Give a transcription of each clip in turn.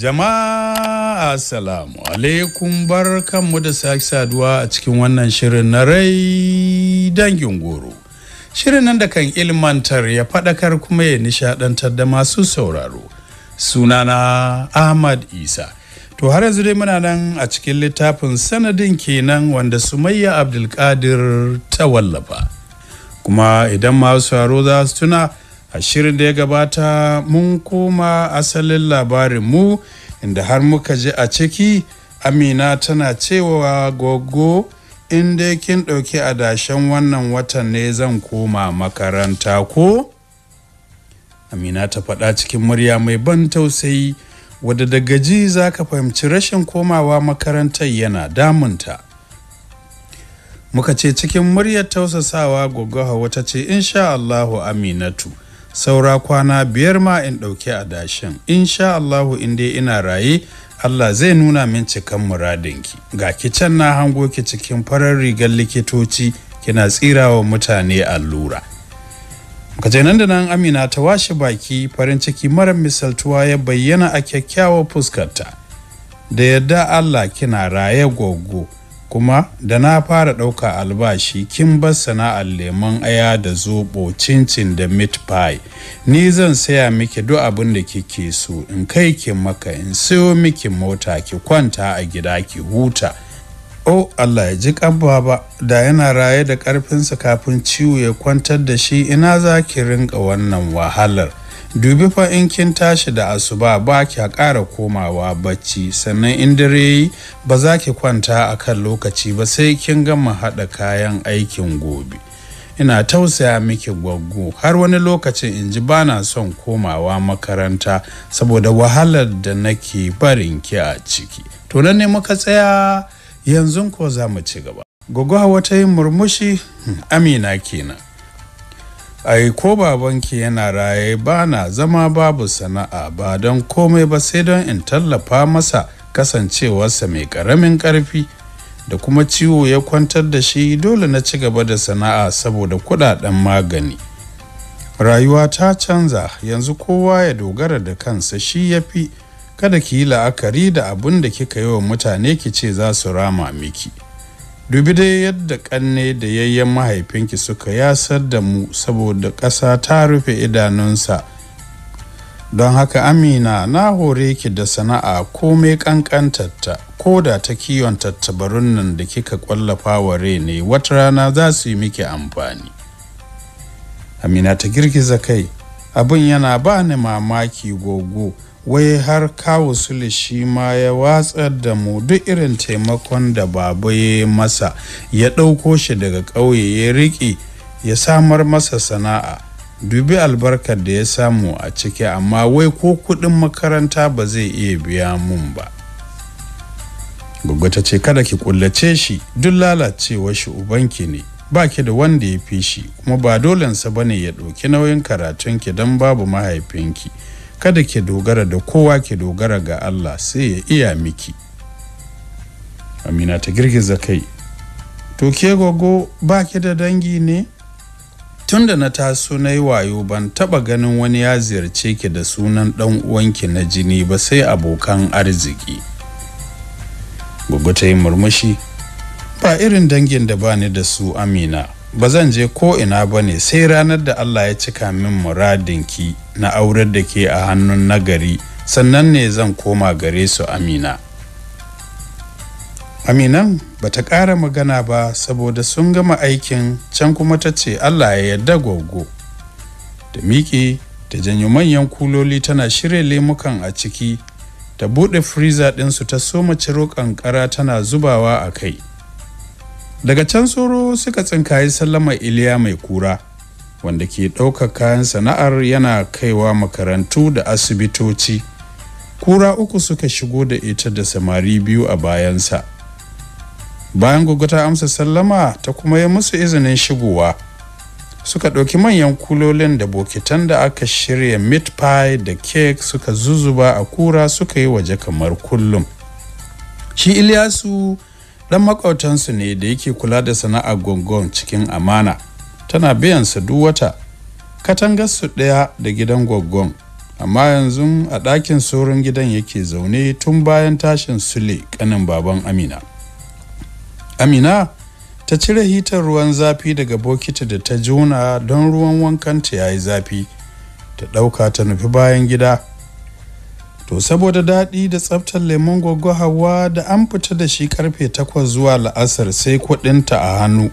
Jama'a Assalamu alaikum bar kanmu da sake saduwa a cikin wannan shirin na rai dangin goro. Shirin nan da kan ilmantar ya faɗakar kuma ya nishadantar da masu sauraro. Sunana Ahmad Isa. To har yanzu dai muna nan a cikin littafin sanadin kenan wanda Sumayya Abdulkadir ta wallafa. Kuma idan masu sauraro za su tuna a shirin da ya gabata mun koma asalin labarin mu inda har muka ji a ciki amina tana cewa gogo inda kin ɗauki dashen wannan watan ne zan koma makaranta ko amina ta faɗa cikin murya mai ban tausayi wadda da gaji za ka fahimci rashin komawa makarantar yana damunta muka ce cikin muryar tausasawa gogo hawa ta ce insha allahu aminatu saura kwana biyar ma in ɗauki adashin insha Allahu in dai ina raye Allah zai nuna min cikan muradinki ga kicin na hango ki cikin farar rigar likitoci kina tsira wa mutane allura je nan da nan amina ta washe baki farin ciki mara misaltuwa ya bayyana a kyakkyawar fuskarta da yadda Allah kina raye goggo kuma da na fara ɗauka albashi kin bar sana'ar lemon aya da zobo cincin da meat pie ni zan saya miki duk abin da kike so in kai ki maka in sayo miki mota ki kwanta a gida ki huta oh Allah ya ji ba da yana raye da ƙarfinsa kafin ciwo ya kwantar da shi ina za ki rinka wannan wahalar dubi fa in kin tashi da asuba ba ki ƙara komawa bacci sannan in dare yi ba za ki kwanta a kan lokaci ba sai kin gama haɗa kayan aikin gobe ina tausaya miki gwaggo har wani lokacin in ji bana son komawa makaranta saboda wahalar da nake barin ki a ciki to nan ne muka tsaya yanzu ko za mu ci gaba gwaggo wata yin murmushi hmm, amina kenan ai ko babanki yana raye ba na zama babu sana'a ba don komai ba sai don in tallafa masa kasancewarsa mai ƙaramin karfi da kuma ciwo ya kwantar da shi dole na ci gaba da sana'a saboda kuɗaɗen magani rayuwa ta canza yanzu kowa ya dogara da kansa shi ya fi kada ki yi la'akari da abin da kika yi wa mutane ki ce za su rama miki. dubi dai yadda kanne da yayyen mahaifinki suka yasar da mu saboda ƙasa ta rufe idanunsa don haka amina na hore ki da sana'a komai ƙanƙantarta ko da ta kiwon tattabarun nan da kika ƙwallafa wa ne wata rana za su yi miki amfani amina ta girgiza kai abin yana ba ni mamaki gogo wai har kawo sule shi ma ya watsar da mu duk irin taimakon da babu ya masa ya ɗauko shi daga ƙauye ya riƙe ya samar masa sana'a dubi albarkar da ya samu a ciki amma wai ko kuɗin makaranta ba zai iya biya mun ba ta ce kada ki kullace shi duk lalacewar shi ubanki ne ba ki da wanda ya fi shi kuma ba dolensa ba ne ya ɗauki nauyin karatunki don babu mahaifinki kada ke dogara da kowa ke dogara ga Allah sai ya iya miki amina ta girgiza kai to ke gogo ba ke da dangi ne tun da na taso na yi wayo ban taba ganin wani ya ziyarce ki da sunan dan uwanki na jini ba sai abokan arziki gogo ta yi murmushi ba irin dangin da bani da su amina ba zan je ko ina ba ne sai ranar da Allah ya cika min muradinki na aurar da ke a hannun nagari sannan ne zan koma gare su amina aminan ba ta ƙara magana ba saboda sun gama aikin can kuma ta ce Allah ya yarda gwaggo da miƙe ta janyo manyan kuloli tana shirya lemukan a ciki ta buɗe freezer su ta soma ciro ƙanƙara tana zubawa a kai daga can tsoro suka tsinkaye sallama iliya mai kura wanda ke ɗaukar kayan sana'ar yana kaiwa makarantu da asibitoci kura uku suka shigo da ita da samari biyu a bayansa bayan gugu ta amsa sallama ta kuma yi musu izinin shigowa suka ɗauki manyan kulolin da bokitan da aka shirya meat pie da cake suka zuzuba a kura suka yi waje kamar kullum shi iliyasu dan makautansu ne da yake kula da sana'ar gongon cikin amana tana biyan su duk wata katangar su ɗaya da gidan gongon amma yanzu a ɗakin saurin gidan yake zaune tun bayan tashin sule kanin baban amina amina ta cire hitar ruwan zafi daga bokiti da ta juna don ruwan wankanta ya yi zafi ta ɗauka ta nufi bayan gida To saboda daɗi da tsaftar lemon gwaggo hawa da an fita da shi karfe takwas zuwa la'asar sai kuɗinta a hannu.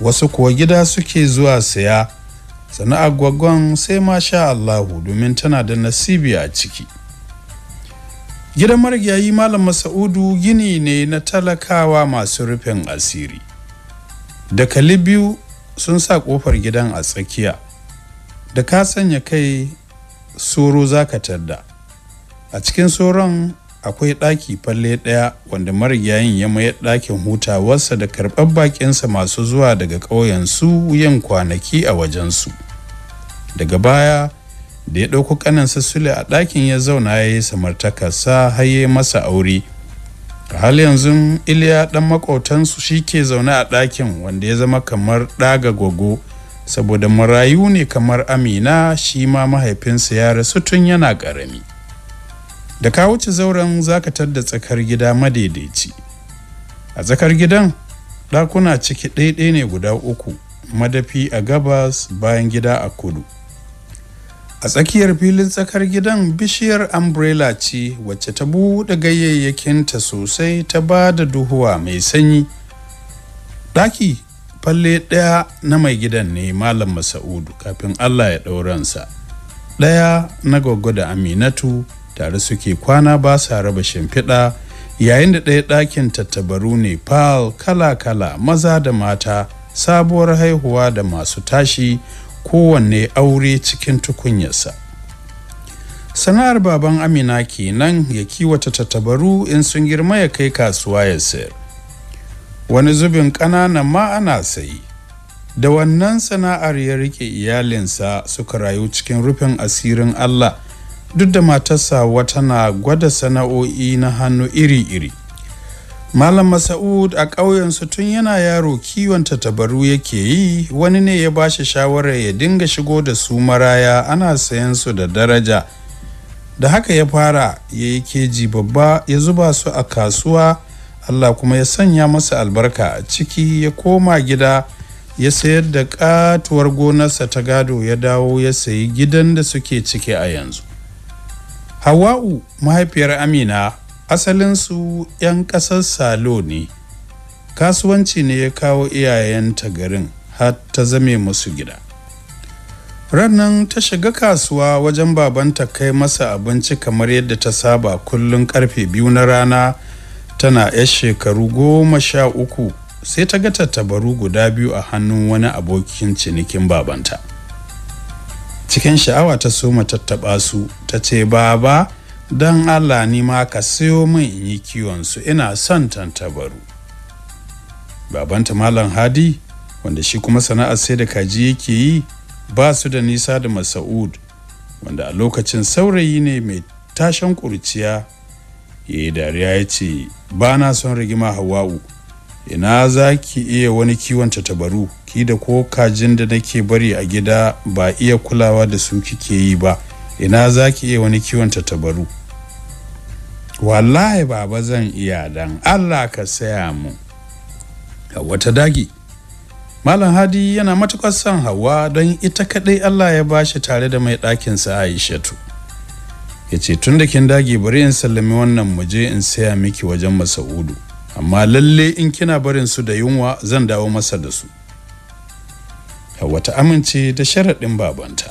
Wasu kuwa gida suke zuwa saya. Sana'ar gwaggon sai ma sha Allahu domin tana da nasibi a ciki. Gidan marigayi Malam Masa'udu gini ne na talakawa masu rufin asiri. Da kali biyu sun sa ƙofar gidan a tsakiya. Da ka sanya kai soro za ka tadda. a cikin sauran akwai ɗaki falle ɗaya wanda marigayin ya mayar ɗakin hutawarsa da karɓar baƙinsa masu zuwa daga ƙauyensu yin kwanaki a wajensu daga baya da ya ɗauko ƙanansa sule a ɗakin ya zauna ya yi samartakarsa har ya masa aure a hal yanzu iliya ɗan maƙotansu shi ke zaune a ɗakin wanda ya zama kamar ɗaga gogo saboda marayu ne kamar amina shi ma mahaifinsa ya rasu tun yana ƙarami da ka wuce zauren zakatar da tsakar gida madaidaici a tsakar gidan ɗakuna ciki ɗaiɗai ne guda uku madafi a gabas bayan gida a kudu a tsakiyar filin tsakar gidan bishiyar umbrella ce wacce ta buɗe gayyayyakinta sosai ta ba da duhuwa mai sanyi ɗaki falle ɗaya na mai gidan ne malam masa'udu kafin allah ya ɗauransa ɗaya na gwaggo da aminatu tare suke kwana ba sa raba shimfiɗa yayin da ɗaya ɗakin tattabaru ne fal kala-kala maza da mata sabuwar haihuwa da masu tashi kowanne aure cikin tukunyarsa sana'ar baban amina kenan ya kiwata tattabaru in sun girma ya kai kasuwa ya sayar wani zubin ƙananan ma ana sayi da wannan sana'ar ya rike iyalinsa suka rayu cikin rufin asirin allah duk da matarsa wata na gwada sana'o'i na hannu iri-iri malam masa'ud a ƙauyensu tun yana yaro kiwon tabaru yake yi wani ne ya ba shi shawarar ya dinga shigo da su maraya ana sayan su da daraja da haka ya fara ya yi keji babba ya zuba su a kasuwa allah kuma ya sanya masa albarka ciki ya koma gida ya sayar da katuwar gonarsa ta gado ya dawo ya sayi gidan da suke ciki a yanzu Hawa'u mahaifiyar Amina asalinsu 'yan ƙasar Salo ne, kasuwanci ne ya kawo iyayenta garin har ta zame musu gida. Rannan ta shiga kasuwa wajen babanta kai masa abinci kamar yadda ta saba kullum karfe biyu na rana tana 'yar shekaru goma sha uku sai ta ga tattabaru guda biyu a hannun wani abokin cinikin babanta. cikin sha'awa ta soma tattaba su ta ce baba don allah ni ma ka sayo min in yi kiwon su ina son tantabaru babanta malam hadi wanda shi kuma sana'ar sai da kaji yake yi ba su da nisa da masa'ud wanda a lokacin saurayi ne mai tashan kurciya ya dariya ya ce ba na son rigima hawa'u ina za ki iya wani kiwon tabaru ki da ko kajin da nake bari a gida ba iya kulawa da su kike yi ba ina za ki iya wani kiwon tabaru wallahi baba zan iya dan allah ka saya mu wata ta dagi malam hadi yana matukar son hawa don ita kadai allah ya bashi tare da mai ɗakinsa aishatu ya ce tun da kin dage bari in sallami wannan muje in saya miki wajen masa'udu amma lalle in kina barin su da yunwa zan dawo masa da su Hauwa ta amince da sharaɗin babanta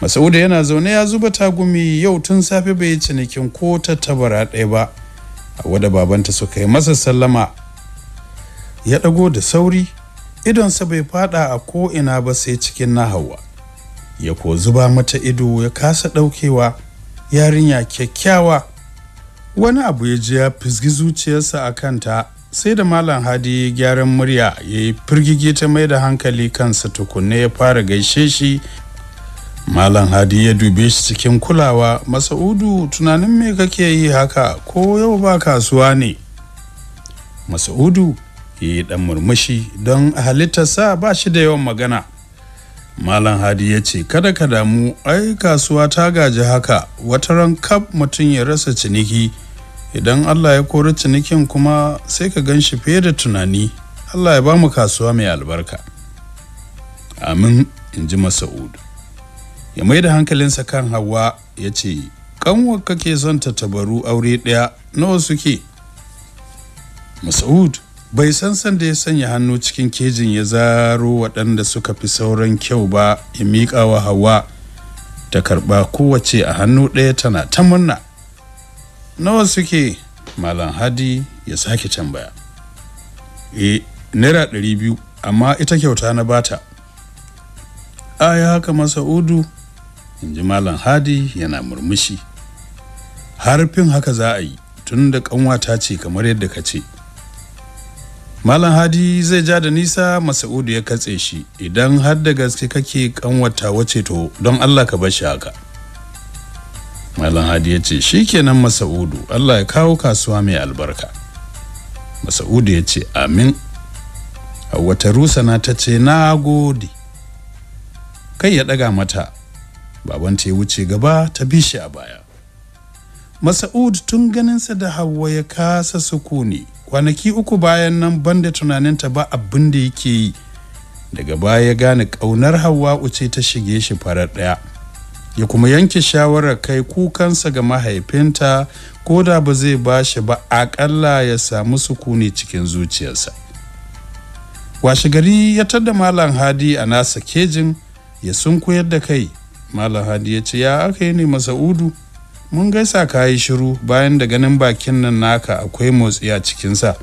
Masauda yana zaune ya zuba tagumi yau tun safe bai cinikin ko ta tabara ɗaya ba Hauwa da babanta suka yi masa sallama ya ɗago da sauri idonsa bai faɗa a ko ina ba sai cikin na Hauwa ya ko zuba mata ido ya kasa ɗaukewa yarinya kyakkyawa wani abu ya ji ya fisgi zuciyarsa a kanta sai da malam hadi gyaran murya ya yi firgige ta mai da hankali kansa tukunne ya fara gaishe shi malam hadi ya dube shi cikin kulawa masa'udu tunanin me kake yi haka ko yau ba kasuwa ne masa'udu ya yi dan murmushi don sa ba shi da yawan magana malam hadi ya ce kada ka damu ai kasuwa ta gaji haka wata ran kaf mutum ya rasa ciniki idan allah ya kori cinikin kuma sai ka gan shi fiye da tunani allah ya ba mu kasuwa mai albarka amin in ji masa'ud ya mai da hankalinsa kan hawa ya ce kanwar kake son ta tabaru aure ɗaya nawa suke masa'ud bai san san da ya sanya hannu cikin kejin ya zaro waɗanda suka fi sauran kyau ba ya miƙa wa hawa ta karɓa kowace a hannu ɗaya tana ta murna nawa suke malam hadi ya sake can baya e eh, naira ɗari biyu amma ita kyauta na bata a ya haka masa'udu in ji malam hadi yana murmushi harfin haka za a yi tun da ƙanwata ce kamar yadda ka ce malam hadi zai ja da nisa masa'udu ya katse shi idan har da gaske kake kanwata wace to don allah ka bar shi haka malam hadi ya ce shikenan masa'udu allah ya kawo kasuwa mai albarka masa'udu ya ce amin wata rusana ta ce na gode kai ya daga mata babanta ya wuce gaba ta bi shi a baya masa'ud tun ganinsa da hawa ya kasa sukuni kwanaki uku bayan nan banda tunaninta ba abin da yake yi daga baya ya gane ƙaunar hawa uce ta shige shi farar ɗaya ya kuma yanke shawarar kai kukansa ga mahaifinta ko da ba zai ba shi ba Akalla ya samu sukuni cikin zuciyarsa washe gari ya tadda malam hadi a nasa kejin ya sunkuyar da kai malam hadi ya ce ya aka yi ne masa'udu mun gaisa ka yi shiru bayan da ganin bakin nan naka akwai motsi a cikinsa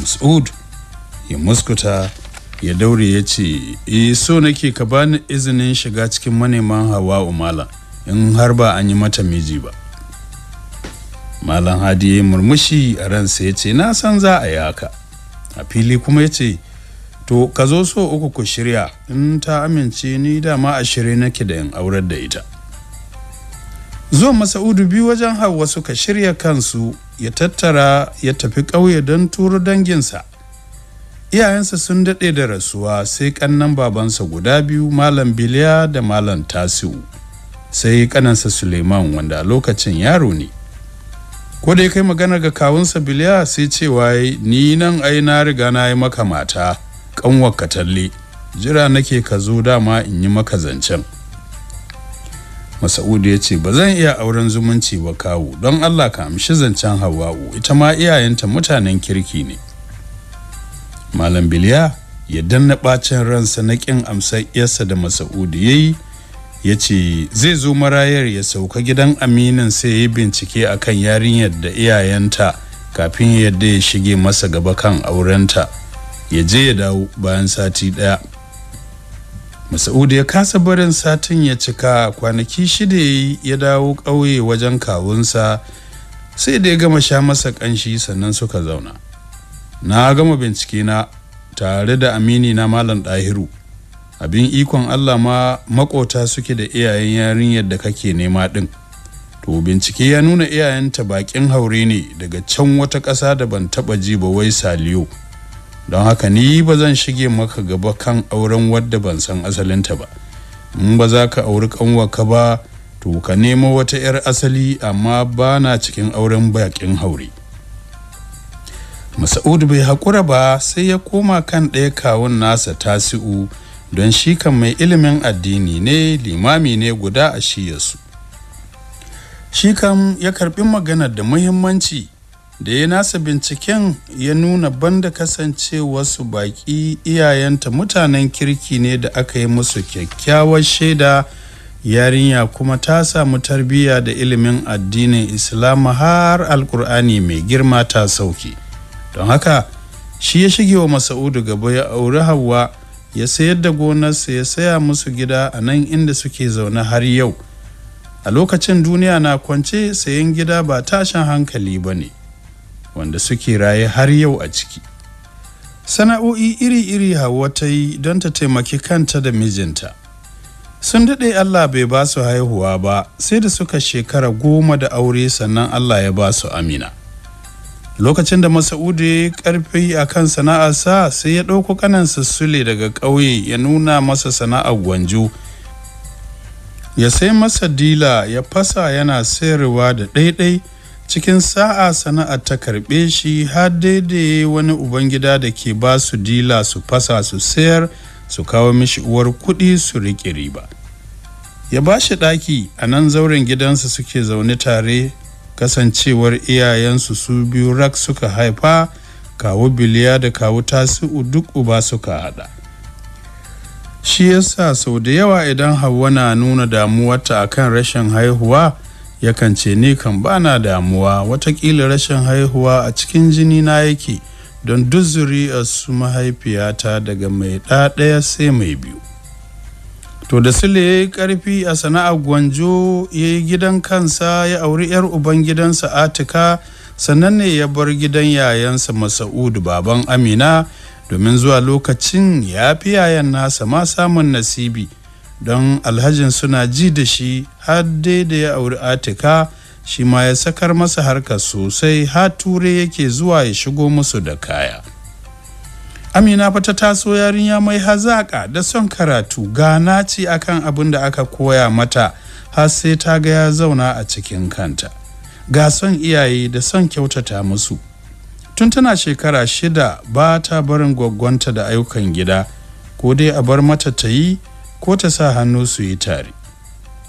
mas'ud ya muskuta ya daure ya ce e so nake ka bani izinin shiga cikin maneman hawa umala in har ba an yi mata miji ba malam hadi ya murmushi a ransa ya ce na san za a yi haka a fili kuma ya ce to ka zo so uku ku shirya in ta amince ni dama a shirye nake da in aurar da ita Zuwa masa'udu biyu wajen hawa suka shirya kansu ya tattara ya tafi ƙauye don turo danginsa iyayensa sun daɗe da rasuwa sai ƙannan babansa guda biyu malam biliya da malam tasiu sai ƙanansa suleiman wanda lokacin yaro ne ko da kai magana ga kawunsa biliya sai cewa ni nan ai na riga na yi maka mata ƙanwar katalle jira nake ka zo dama in yi maka zancen masa'udu ya ce ba zan iya auren zumunci ba kawo don allah ka amshi zancen hawa'u ita ma iyayenta mutanen kirki ne malam biliya ya danna bacin ransa na kin amsar iyarsa da masa'udi ya yi ya ce zai zo marayar ya sauka gidan aminin sai ya yi bincike akan yarinyar da iyayenta kafin yadda ya shige masa gaba kan aurenta ya je ya dawo bayan sati daya masa'udi ya kasa barin satin ya cika kwanaki shida ya dawo ƙauye wajen kawunsa sai da ya gama sha masa ƙanshi sannan suka zauna na gama bincike na tare da amini na malam ɗahiru abin ikon allah ma makota suke da iyayen yarinyar da kake nema ɗin to bincike ya nuna iyayenta bakin haure ne daga can wata ƙasa da ban taɓa ji ba wai saliyo don haka ni ba zan shige maka gaba kan auren wadda ban san asalinta ba in ba za ka auri kanwarka ba to ka nemo wata 'yar asali amma ba na cikin auren bakin haure Masa'ud bai haƙura ba sai ya koma kan ɗaya kawun nasa tasi'u don shi kan mai ilimin addini ne limami ne guda a shiyarsu. Shi kan ya karɓi magana da muhimmanci da ya nasa binciken ya nuna banda wasu baƙi iyayenta mutanen kirki ne da aka yi musu kyakkyawar shaida yarinya kuma ta samu tarbiyya da ilimin addinin Islam har alkur'ani mai girma ta sauke. don haka shi ya shige wa masa'udu gaba ya auri hawa ya sayar da gonarsa ya saya musu gida a nan inda suke zaune har yau a lokacin duniya na kwance sayan gida ba tashin hankali ba ne wanda suke raye har yau a ciki sana'o'i iri-iri hawa ta yi don ta taimaki kanta da mijinta sun daɗe allah bai ba su haihuwa ba sai da suka shekara goma da aure sannan allah ya ba su amina lokacin da masaudi karfi a kan sana'arsa sai ya ɗauko kanansa sule daga ƙauye ya nuna masa sana'ar gwanju ya sai masa dila ya fasa yana sayarwa da ɗaiɗai cikin sa'a sana'ar ta karɓe shi har daidai wani ubangida da ke ba su dila su fasa su sayar su kawo mishi uwar kuɗi su riƙe riba ya ba shi ɗaki a nan zauren gidansa suke zaune tare kasancewar iyayensu su biyu rak suka haifa kawu biliya da kawu tasi'u duk uba suka hada shi yasa sau da yawa idan hawa na nuna damuwarta akan rashin haihuwa yakan ce ni kan bana damuwa watakila rashin haihuwa a cikin jini na yake don duzuri a su mahaifiyata daga mai ɗaya sai mai biyu to da sule ya yi karfi a sana'a gwanjo ya yi gidan kansa ya auri 'yar uban gidansa atika sannan ne ya bar gidan yayansa masa'udu baban amina domin zuwa lokacin ya fi yayan nasa ma samun nasibi don alhajin suna ji da shi har dai da ya auri atika shi ma ya sakar masa harka sosai ha ture yake zuwa ya shigo musu da kaya amina fa ta taso yarinya mai hazaƙa da son karatu gana ce akan abin da aka koya mata har sai ta ga ya zauna a cikin kanta ga son iyaye da son kyautata musu tun tana shekara shida ba ta barin gwaggwanta da ayyukan gida ko dai a bar mata ta yi ko ta sa hannu su yi tare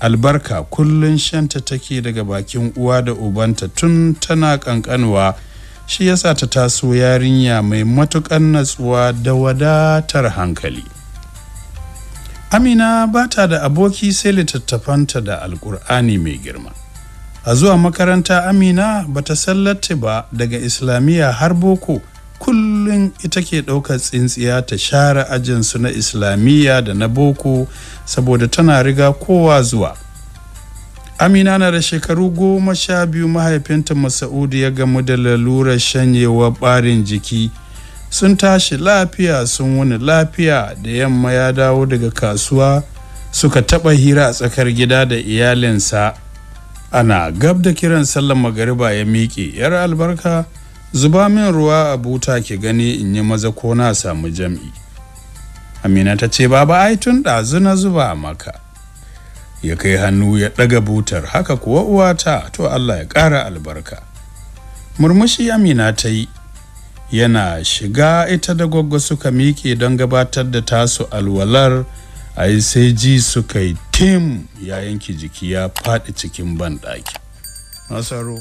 albarka kullun shanta take daga bakin uwa da ubanta tun tana kankanwa shi yasa ta taso yarinya mai matukan natsuwa da wadatar hankali amina ba ta da aboki sai littattafanta da alkur'ani mai girma a zuwa makaranta amina ba ta sallatte ba daga islamiyya har boko kullum ita ke ɗaukar tsintsiya ta share ajinsu na islamiyya da na boko saboda tana riga kowa zuwa amina na da shekaru goma sha biyu mahaifinta masa'udu ya gamu da lalurar shanyewa barin jiki sun tashi lafiya sun wani lafiya da yamma ya dawo daga kasuwa suka taɓa hira a tsakar gida da iyalinsa ana gab da kiran sallan magariba ya miƙe yar albarka zuba min ruwa a buta ki gani in yi maza ko na samu jam'i amina ta ce baba ai tun ɗazu na zuba maka ya kai hannu ya ɗaga butar haka kuwa uwata to Allah ya ƙara albarka murmushi amina ta yi yana shiga ita da gwaggwa suka miƙe don gabatar da tasu alwalar yi sai ji suka yi tim ya yanki jiki ya faɗi cikin banɗaki nasaro